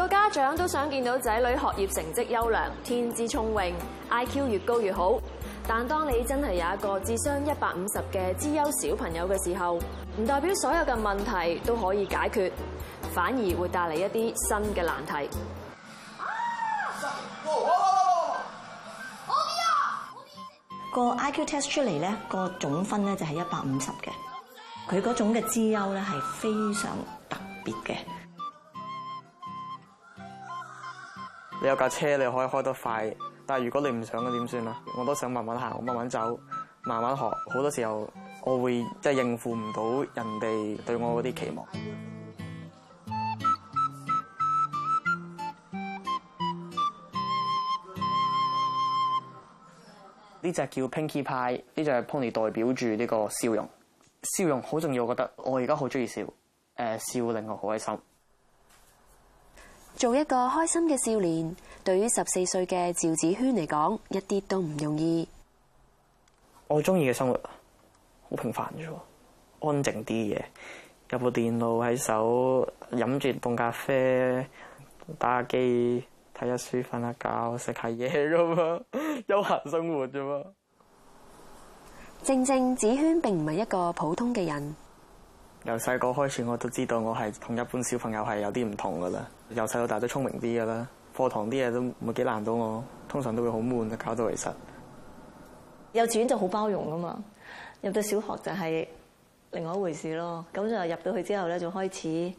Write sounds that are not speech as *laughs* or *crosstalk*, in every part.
個家長都想見到仔女學業成績優良，天資聰穎，IQ 越高越好。但當你真係有一個智商一百五十嘅資優小朋友嘅時候，唔代表所有嘅問題都可以解決，反而會帶嚟一啲新嘅難題。個 IQ test 出嚟呢個總分呢，就係一百五十嘅，佢嗰種嘅資優呢，係非常特別嘅。你有架車，你可以開得快，但係如果你唔想噉點算啊？我都想慢慢行，慢慢走，慢慢學。好多時候，我會即係應付唔到人哋對我嗰啲期望。呢隻 *noise* *noise* 叫 Pinky Pie，呢隻係 pony 代表住，呢個笑容，笑容好重要，我覺得。我而家好鍾意笑，誒笑令我好開心。做一個開心嘅少年，對於十四歲嘅趙子暄嚟講，一啲都唔容易。我中意嘅生活好平凡啫，安靜啲嘅，有部電腦喺手，飲住凍咖啡，打下機，睇下書，瞓下覺，食下嘢咁嘛，休 *laughs* 閒生活啫嘛。正正子暄並唔係一個普通嘅人。由細個開始，我都知道我係同一般小朋友係有啲唔同噶啦。由細到大都聰明啲噶啦，課堂啲嘢都唔會幾難到我。通常都會好悶啊，搞到其實。幼稚園就好包容噶嘛，入到小學就係另外一回事咯。咁就入到去之後咧，就開始，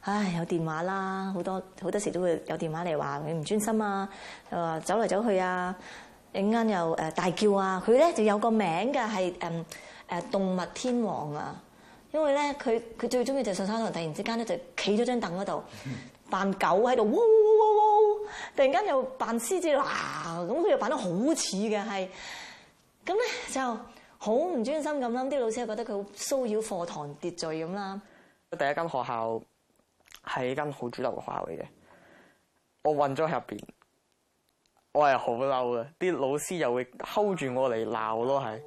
唉，有電話啦，好多好多時都會有電話嚟話你唔專心啊，又話走嚟走去啊，一陣又誒大叫啊。佢咧就有個名㗎係誒誒動物天王啊。因為咧，佢佢最中意就上山堂，突然之間咧就企咗張凳嗰度，扮狗喺度，哇哇哇哇，突然間又扮獅子，嗱，咁佢又扮得好似嘅，係咁咧就好唔專心咁啦。啲老師又覺得佢好騷擾課堂秩序咁啦。第一間學校係間好主流嘅學校嚟嘅，我混咗喺入邊，我係好嬲嘅。啲老師又會睺住我嚟鬧咯，係，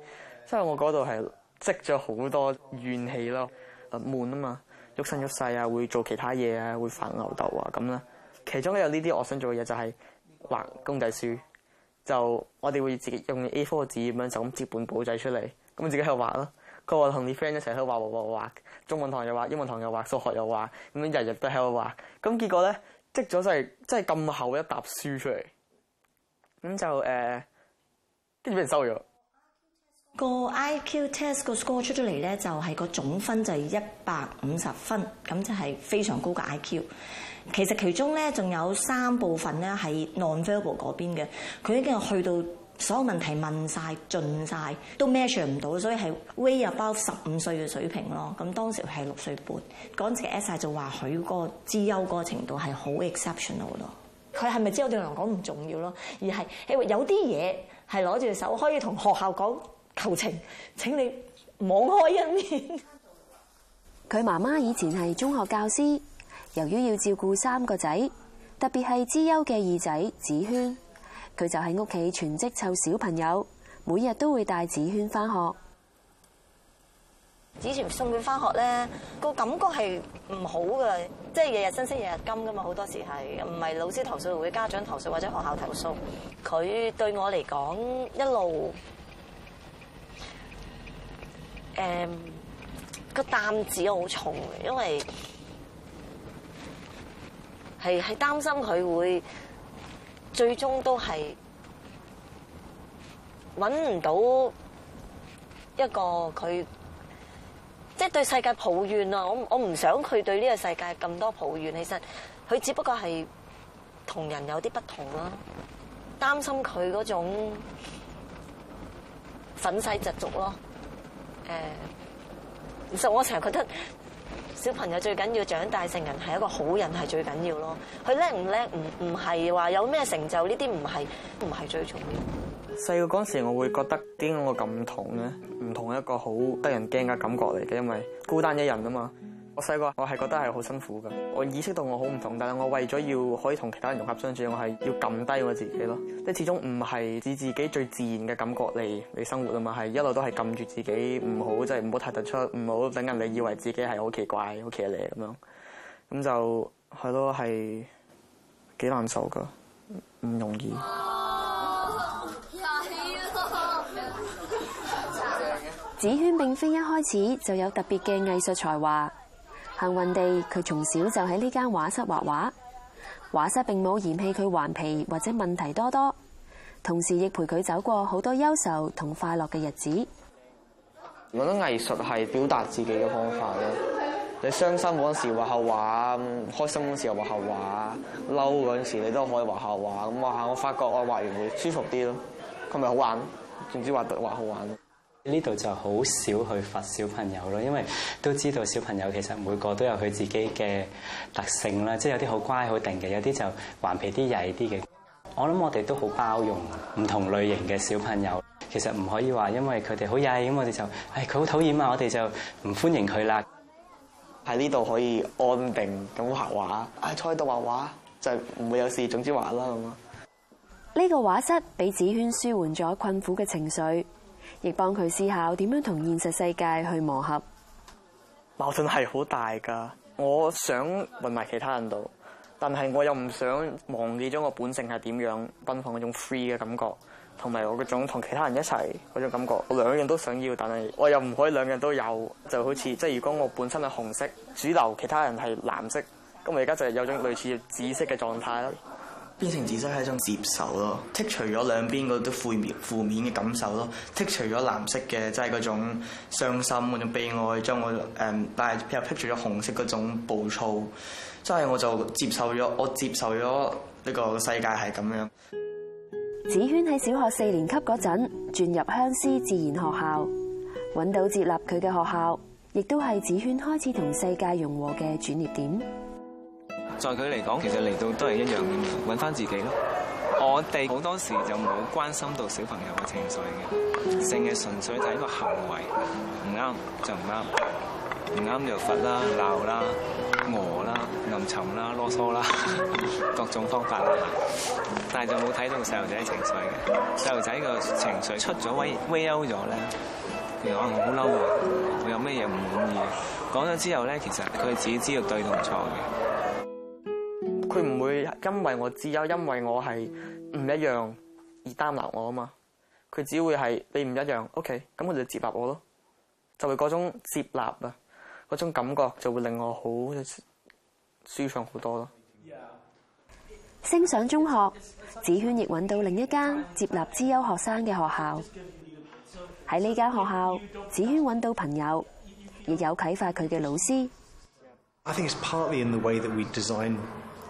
即係我嗰度係。積咗好多怨氣咯，啊、呃、悶啊嘛，鬱身鬱世啊，會做其他嘢啊，會發吽哣啊咁啦。其中有呢啲，我想做嘅嘢就係畫公仔書。就我哋會自己用 A4 紙咁樣就咁摺本簿仔出嚟，咁自己喺度畫咯。佢話同啲 friend 一齊喺度畫畫畫畫，中文堂又畫，英文堂又畫，數學又畫，咁樣日日都喺度畫。咁結果咧積咗出嚟，真係咁厚一沓書出嚟。咁就誒，跟住俾人收咗。個 IQ test 個 score 出咗嚟咧，就係個總分就係一百五十分，咁就係非常高嘅 IQ。其實其中咧仲有三部分咧係 non-verbal 嗰邊嘅，佢已經去到所有問題問晒、盡晒，都 match 唔到，所以係 way above 十五歲嘅水平咯。咁當時係六歲半，嗰陣時 S 就話佢個資優個程度係好 exceptional 咯。佢係咪知道對人講唔重要咯？而係誒有啲嘢係攞住手可以同學校講。求情，請你網開一面。佢 *laughs* 媽媽以前係中學教師，由於要照顧三個仔，特別係資優嘅二仔子暄，佢就喺屋企全職湊小朋友，每日都會帶子暄翻學。以前送佢翻學咧，個感覺係唔好噶，即係日日新鮮，日日金噶嘛。好多時係唔係老師投訴、會家長投訴或者學校投訴，佢對我嚟講一路，誒個擔子好重，因為係係擔心佢會最終都係搵唔到一個佢，即係對世界抱怨啊！我我唔想佢對呢個世界咁多抱怨。其實佢只不過係同人有啲不同啦，擔心佢嗰種憤世嫉俗咯。誒，其實、uh, so、我成日覺得小朋友最緊要長大成人係一個好人係最緊要咯。佢叻唔叻，唔唔係話有咩成就，呢啲唔係唔係最重要。細個嗰時，我會覺得點解我咁唔同咧，唔同一個好得人驚嘅感覺嚟嘅，因為孤單一人啊嘛。我細個，我係覺得係好辛苦噶。我意識到我好唔同，但係我為咗要可以同其他人融合相處，我係要撳低我自己咯。即始終唔係指自己最自然嘅感覺嚟嚟生活啊嘛，係一路都係撳住自己唔好，即係唔好太突出，唔好等人哋以為自己係好奇怪、好奇你咁樣。咁就係咯，係幾難受噶，唔容易。啊、 *laughs* 子暄並非一開始就有特別嘅藝術才華。幸運地，佢從小就喺呢間畫室畫畫，畫室並冇嫌棄佢頑皮或者問題多多，同時亦陪佢走過好多優秀同快樂嘅日子。我覺得藝術係表達自己嘅方法咯。你、就是、傷心嗰陣時畫下畫，開心嗰陣時又畫下畫，嬲嗰陣時你都可以畫下畫。咁啊，我發覺我畫完會舒服啲咯。佢咪好玩？唔知畫得畫好玩。呢度就好少去罰小朋友咯，因為都知道小朋友其實每個都有佢自己嘅特性啦，即係有啲好乖好定嘅，有啲就皮頑皮啲曳啲嘅。我諗我哋都好包容唔同類型嘅小朋友，其實唔可以話因為佢哋好曳咁，我哋就誒佢好討厭呀，我哋就唔歡迎佢啦。喺呢度可以安定咁畫畫，啊坐喺度畫畫就唔會有事，總之畫啦咁啊。呢個畫室俾子暄舒緩咗困苦嘅情緒。亦幫佢思考點樣同現實世界去磨合，矛盾係好大噶。我想混埋其他人度，但係我又唔想忘記咗我本性係點樣奔放嗰種 free 嘅感覺，同埋我嗰種同其他人一齊嗰種感覺，我兩樣都想要，但係我又唔可以兩樣都有，就好似即係如果我本身係紅色主流，其他人係藍色，咁我而家就有種類似紫色嘅狀態。變成紫色係一種接受咯，剔除咗兩邊嗰啲負面負面嘅感受咯，剔除咗藍色嘅即係嗰種傷心嗰種悲哀，將我誒，但係又剔除咗紅色嗰種暴躁，即係我就接受咗，我接受咗呢個世界係咁樣。子暄喺小學四年級嗰陣轉入鄉師自然學校，揾到接納佢嘅學校，亦都係子暄開始同世界融和嘅轉捩點。在佢嚟講，其實嚟到都係一樣嘅，揾翻自己咯。我哋好多時就冇關心到小朋友嘅情緒嘅，成日純粹睇個行為，唔啱就唔啱，唔啱就罰啦、鬧啦、餓啦、暗沉啦、囉嗦啦， *laughs* 各種方法啦嚇。但係就冇睇到細路仔嘅情緒嘅，細路仔個情緒出咗威威優咗咧，佢講我好嬲啊，我有咩嘢唔滿意啊？講咗之後咧，其實佢自己知道對同錯嘅。佢唔會因為我資優，因為我係唔一樣而擔納我啊嘛。佢只會係你唔一樣，OK，咁、嗯、佢就接納我咯，就會嗰種接納啊，嗰種感覺就會令我好舒暢好多咯。升 Yeah. 上中學，子暄亦揾到另一間接納資優學生嘅學校。喺呢間學校，子暄揾到朋友，亦有啟發佢嘅老師。I think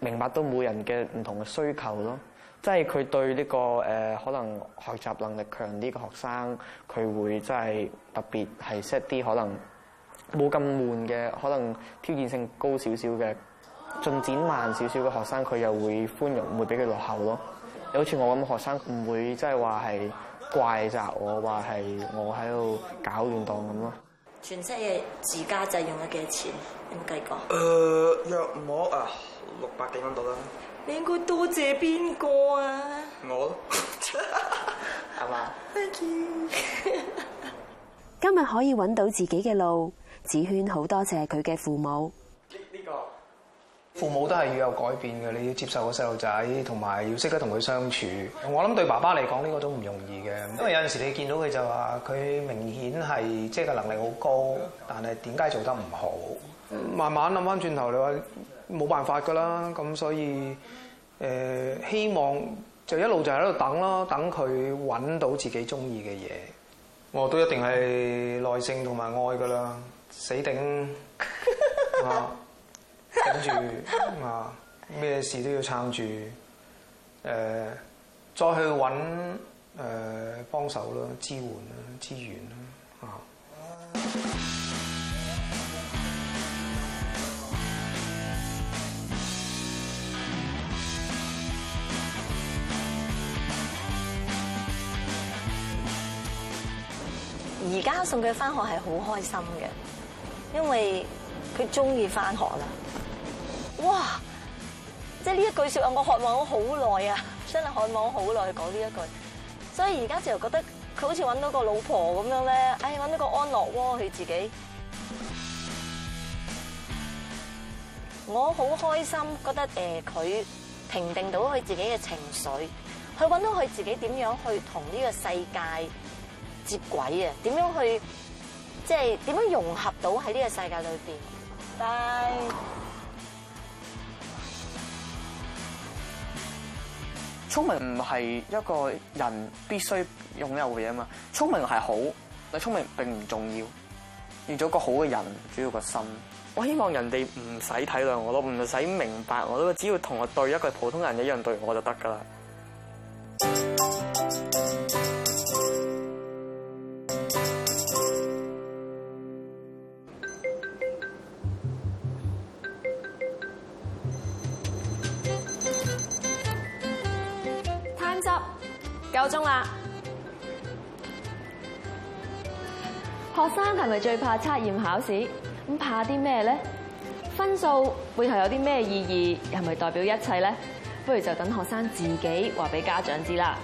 明白到每人嘅唔同嘅需求咯，即係佢對呢、呢個誒、呃、可能學習能力強啲嘅學生，佢會即係特別係 set 啲可能冇咁悶嘅，可能挑戰性高少少嘅，進展慢少少嘅學生，佢又會寬容，唔會俾佢落後咯。你好似我咁嘅學生，唔會即係話係怪責我，話係我喺度搞亂檔咁咯。全車嘅自家製用咗幾多錢？有冇計過？誒，約莫啊～六百幾蚊度啦！你應該多謝邊個啊？我係嘛？Thank you。 *laughs* *laughs* *laughs* 今日可以揾到自己嘅路，子暄好多謝佢嘅父母。呢呢、這個、這個、父母都係要有改變嘅，你要接受個細路仔，同埋要識得同佢相處。我諗對爸爸嚟講呢個都唔容易嘅，因為有陣時你見到佢就話佢明顯係即係個能力好高，但係點解做得唔好？嗯、慢慢諗翻轉頭，你話。冇辦法噶啦，咁所以誒、呃、希望就一路就喺度等咯，等佢揾到自己中意嘅嘢，我、哦、都一定係耐性同埋愛噶啦，死頂 *laughs* 啊，頂住啊，咩事都要撐住，誒、呃、再去揾誒、呃、幫手啦，支援啦，支援啦，啊！啊送佢返學係好開心嘅，因為佢中意返學啦。哇！即係呢一句說話，我渴望咗好耐啊！真係渴望好耐講呢一句，所以而家就又覺得佢好似揾到個老婆咁樣咧。哎，揾到個安樂窩佢自己。我好開心，覺得誒佢平定到佢自己嘅情緒，去揾到佢自己點樣去同呢個世界。接軌啊！點樣去即係點樣融合到喺呢個世界裏邊？拜。Bye. 聰明唔係一個人必須擁有嘅嘢嘛，聰明係好，但聰明並唔重要。完咗個好嘅人，主要個心。我希望人哋唔使體諒我咯，唔使明白我咯，只要同我對一個普通人一樣對我就得㗎啦。 *music* 個鐘啦，學生係咪最怕測驗考試？咁怕啲咩咧？分數背後有啲咩意義？係咪代表一切咧？不如就等學生自己話俾家長知啦。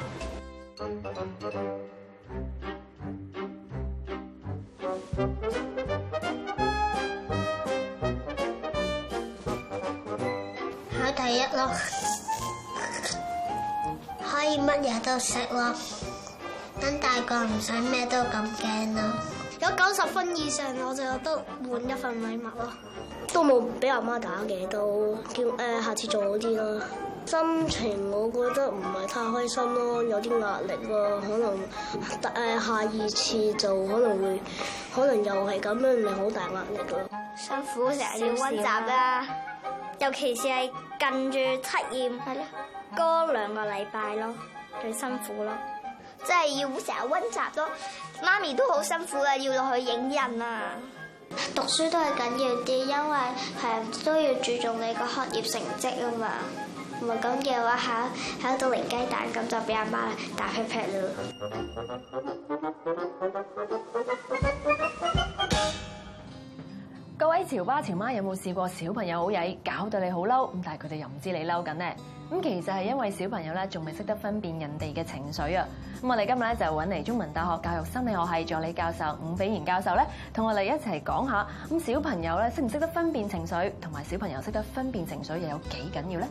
考第一咯。乜嘢都識咯，等大個唔使咩都咁驚咯。有九十分以上我就有得換一份禮物咯。都冇俾阿媽打嘅，都叫誒下次做好啲咯。心情我覺得唔係太開心咯，有啲壓力咯。可能誒下二次就可能會，可能又係咁樣你好大壓力咯。辛苦成日要溫習啊，尤其是係近住測驗，係咯。過兩個禮拜咯，最辛苦咯，即係要成日溫習咯。媽咪都好辛苦啊，要落去影印啊。讀書都係緊要啲，因為係都要注重你個學業成績啊嘛。唔係咁嘅話，考，考到零雞蛋，咁就俾阿媽打屁屁咯。各位潮爸潮媽有冇試過小朋友好曳，搞到你好嬲咁，但係佢哋又唔知你嬲緊呢？咁其實係因為小朋友咧仲未識得分辨人哋嘅情緒啊！咁我哋今日咧就揾嚟中文大學教育心理學系助理教授伍斐然教授咧，同我哋一齊講下咁小朋友咧識唔識得分辨情緒，同埋小朋友識得分辨情緒又有幾緊要呢？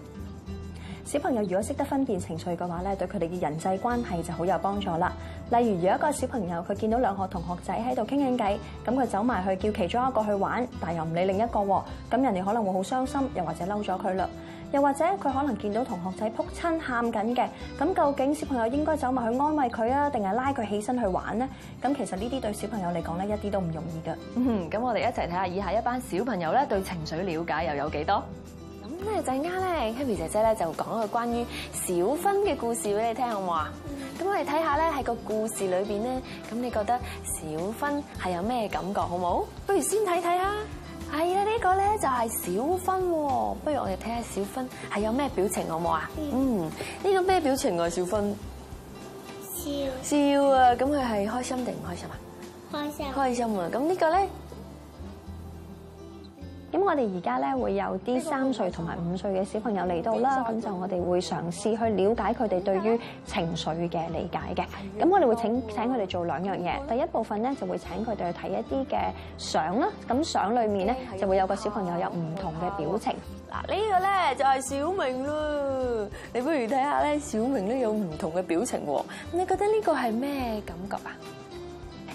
小朋友如果識得分辨情緒嘅話咧，對佢哋嘅人際關係就好有幫助啦。例如，如果一個小朋友佢見到兩個同學仔喺度傾緊偈，咁佢走埋去叫其中一個去玩，但又唔理另一個喎，咁人哋可能會好傷心，又或者嬲咗佢啦。又或者佢可能見到同學仔撲親喊緊嘅，咁究竟小朋友應該走埋去安慰佢啊，定係拉佢起身去玩呢？咁其實呢啲對小朋友嚟講咧，一啲都唔容易噶。咁我哋一齊睇下以下一班小朋友咧對情緒瞭解又有幾多？咁咧陣間咧，Happy 姐姐咧就講一個關於小芬嘅故事俾你聽，好唔好啊？咁我哋睇下咧喺個故事裏邊咧，咁你覺得小芬係有咩感覺好冇？不如先睇睇啊！係啊，呢個咧就係小芬，不如我哋睇下小芬係有咩表情好唔好啊？嗯，呢個咩表情啊？小芬，笑，笑啊！咁佢係開心定唔開心啊？開心，開心啊！咁呢個咧？咁我哋而家咧會有啲三歲同埋五歲嘅小朋友嚟到啦，咁就我哋會嘗試去了解佢哋對於情緒嘅理解嘅。咁我哋會請請佢哋做兩樣嘢，第一部分咧就會請佢哋去睇一啲嘅相啦。咁相裏面咧就會有個小朋友有唔同嘅表情。嗱呢個咧就係小明啦，你不如睇下咧小明咧有唔同嘅表情喎。你覺得呢個係咩感覺啊？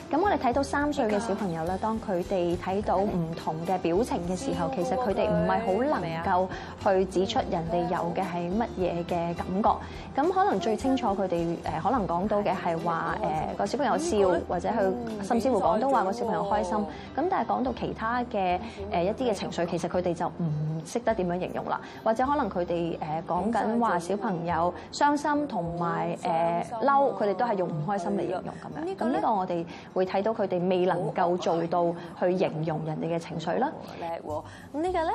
咁我哋睇到三歲嘅小朋友咧，當佢哋睇到唔同嘅表情嘅時候，其實，佢哋唔係好能夠去指出人哋有嘅係乜嘢嘅感覺，咁可能最清楚佢哋誒可能講到嘅係話誒個小朋友笑或者去，甚至乎講到話個小朋友開心。咁但係講到其他嘅誒一啲嘅情緒，其實，佢哋就唔。識得點樣形容啦。或者可能佢哋誒講緊話小朋友傷心同埋誒嬲，佢哋都係用唔開心嚟形容咁樣。咁呢個我哋會睇到佢哋未能夠做到去形容人哋嘅情緒啦。叻喎！咁呢個咧，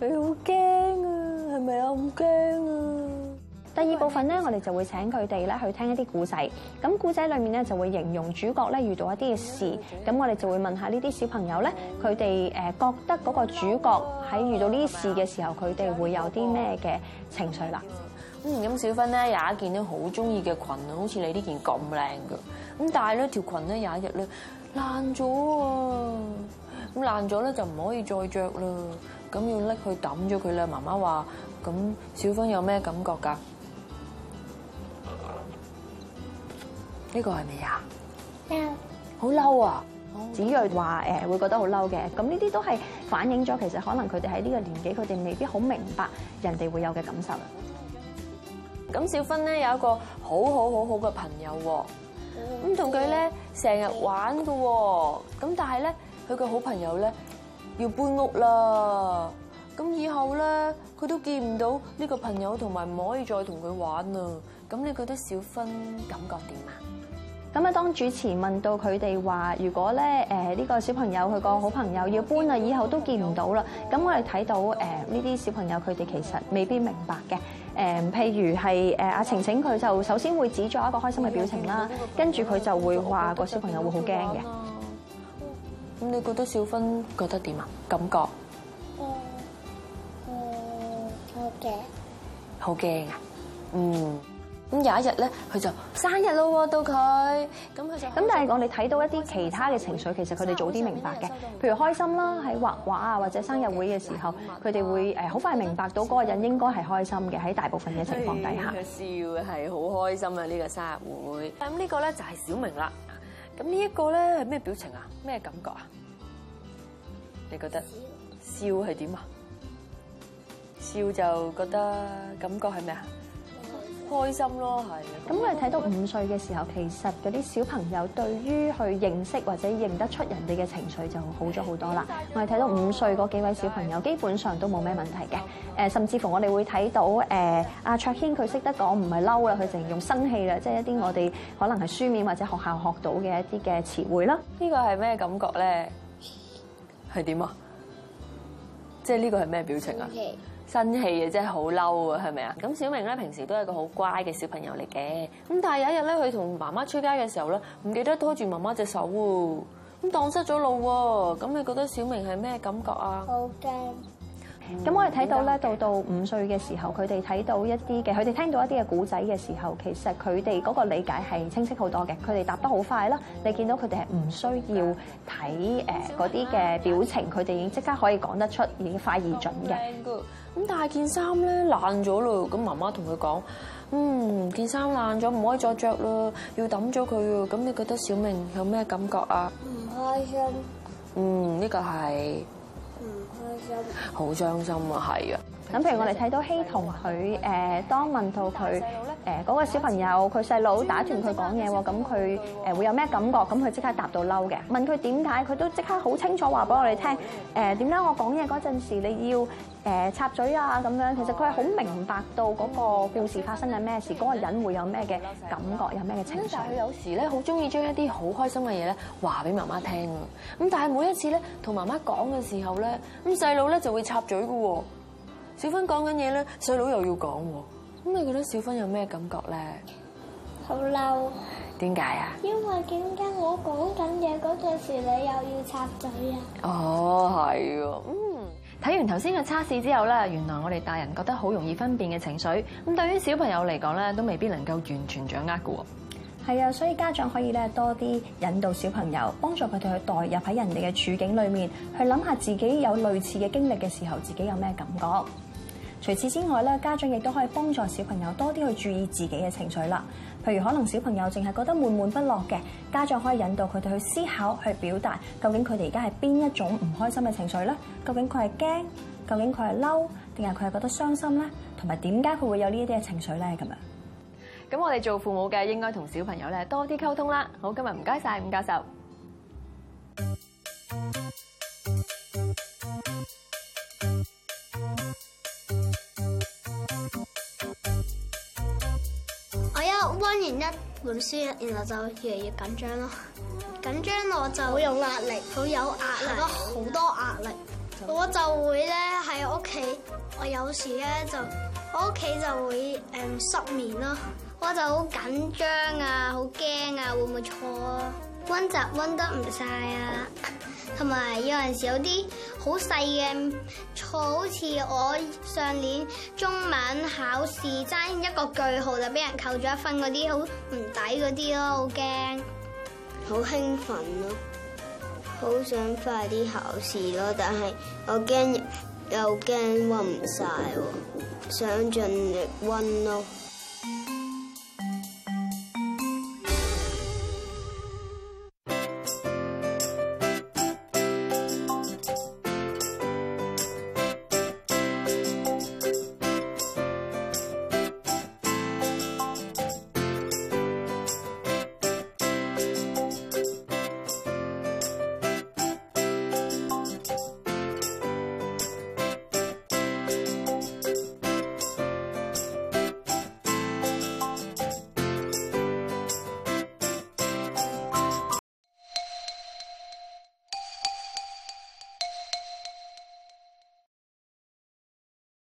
你好驚啊！係咪啊？好驚啊！第二部分咧，喂我哋就會請佢哋咧去聽一啲故仔。咁故仔裏面咧就會形容主角咧遇到一啲嘅事。咁、嗯、我哋就會問下呢啲小朋友咧，佢哋誒覺得嗰個主角喺遇到呢啲事嘅時候，佢哋、嗯、會有啲咩嘅情緒啦。嗯，咁小芬咧有一件都好中意嘅裙啊，好似你這件這呢件咁靚嘅。咁但係呢條裙咧有一日咧爛咗啊，咁爛咗咧就唔可以再着啦。咁要拎去抌咗佢啦。媽媽話：咁小芬有咩感覺㗎？呢個係咪啊？咩啊？好嬲啊！子睿話：誒會覺得好嬲嘅。咁呢啲都係反映咗其實可能佢哋喺呢個年紀，佢哋未必好明白人哋會有嘅感受。咁小芬咧有一個好好好好嘅朋友，咁同佢咧成日玩㗎。咁但係咧佢嘅好朋友咧要搬屋啦，咁以後咧佢都見唔到呢個朋友，同埋唔可以再同佢玩啦。咁你覺得小芬感覺點啊？咁咧，當主持問到佢哋話，如果咧誒呢個小朋友佢個好朋友要搬啦，以後都見唔到啦，咁我哋睇到誒呢啲小朋友佢哋其實未必明白嘅。誒，譬如係誒阿晴晴佢就首先會指咗一個開心嘅表情啦，跟住佢就會話個小朋友會好驚嘅。咁你覺得小芬覺得點啊？感覺？哦哦，好驚。好驚。嗯。咁有一日咧，佢就生日咯，到佢咁佢就咁。但係我哋睇到一啲其他嘅情緒，其實佢哋早啲明白嘅，譬如開心啦，喺畫畫啊，或者生日會嘅時候，佢哋會誒好快明白到嗰個人應該係開心嘅。喺大部分嘅情況底下，哎、笑係好開心啊！呢、呢個生日會咁呢個咧就係小明啦。咁呢一個咧係咩表情啊？咩感覺啊？你覺得笑係點啊？笑就覺得感覺係咩啊？開心咯，係咁我哋睇到五歲嘅時候，其實嗰啲小朋友對於去認識或者認得出人哋嘅情緒就好咗好多啦。我哋睇到五歲嗰幾位小朋友基本上都冇咩問題嘅。誒，甚至乎我哋會睇到誒阿的、啊、卓軒佢識得講唔係嬲啦，佢淨用生氣啦，即係、就是、一啲我哋可能係書面或者學校學到嘅一啲嘅詞彙啦。呢個係咩感覺咧？係點啊？即係呢個係咩表情啊？真係嘅，真係好嬲啊！係咪啊？咁小明咧，平時都係一個好乖嘅小朋友嚟嘅。咁但係有一日咧，佢同媽媽出街嘅時候咧，唔記得拖住媽媽隻手喎，咁蕩失咗路喎。咁你覺得小明係咩感覺啊？好驚的！咁、嗯、我哋睇到咧，嗯、到到五歲嘅時候，佢哋睇到一啲嘅，佢哋聽到一啲嘅古仔嘅時候，其實佢哋嗰個理解係清晰好多嘅。佢哋答得好快啦。你見到佢哋係唔需要睇誒嗰啲嘅表情，佢哋已經即刻可以講得出，已經快而準嘅。咁但係件衫咧爛咗咯，咁媽媽同佢講：嗯，件衫爛咗，唔可以再著咯，要抌咗佢啊！咁你覺得小明有咩感覺啊？唔開心。嗯，呢個係。唔開心。好傷心啊，係啊。咁譬如我哋睇到希同佢誒，當問到佢。誒，嗰個小朋友佢細佬打斷佢講嘢喎，咁佢誒會有咩感覺？咁佢即刻答到嬲嘅，問佢點解，佢都即刻好清楚話俾我哋聽。誒，點解我講嘢嗰陣時你要誒插嘴啊？咁樣其實佢係好明白到嗰個故事發生緊咩事，嗰個人會有咩嘅感覺，有咩嘅情緒。佢有時咧，好中意將一啲好開心嘅嘢咧話俾媽媽聽啊。咁但係每一次咧同媽媽講嘅時候咧，咁細佬咧就會插嘴嘅喎。小芬講緊嘢咧，細佬又要講喎。咁你覺得小芬有咩感覺咧？好嬲髮。點解啊？因為點解我講緊嘢嗰陣時，你又要插嘴啊？哦，係。嗯，睇完頭先嘅測試之後咧，原來我哋大人覺得好容易分辨嘅情緒，咁對於小朋友嚟講咧，都未必能夠完全掌握嘅。係啊，所以家長可以咧多啲引導小朋友，幫助佢哋去代入喺人哋嘅處境裡面，去諗下自己有類似嘅經歷嘅時候，自己有咩感覺。除此之外咧，家長亦都可以幫助小朋友多啲去注意自己嘅情緒啦。譬如可能小朋友淨係覺得悶悶不樂嘅，家長可以引導佢哋去思考、去表達究，究竟佢哋而家係邊一種唔開心嘅情緒咧？究竟佢係驚，究竟佢係嬲，定係佢係覺得傷心咧？同埋點解佢會有呢一啲嘅情緒咧？咁樣，咁我哋做父母嘅應該同小朋友咧多啲溝通啦。好，今日唔該晒伍教授。 *music* 溫完一本書，然後就越嚟越緊張咯，緊張我就好有壓力，好有壓力，好多壓力，就我就會咧喺屋企，我有時咧就，我屋企就會誒、um, 失眠咯，我就好緊張啊，好驚啊，會唔會錯啊，溫習溫得唔晒啊，同埋有陣時有啲。好細嘅好似我上年中文考試爭一個句號就俾人扣咗一分嗰啲，好唔抵嗰啲咯，好驚，好興奮咯，好想快啲考試咯，但係我驚又驚温唔晒喎，想盡力温咯。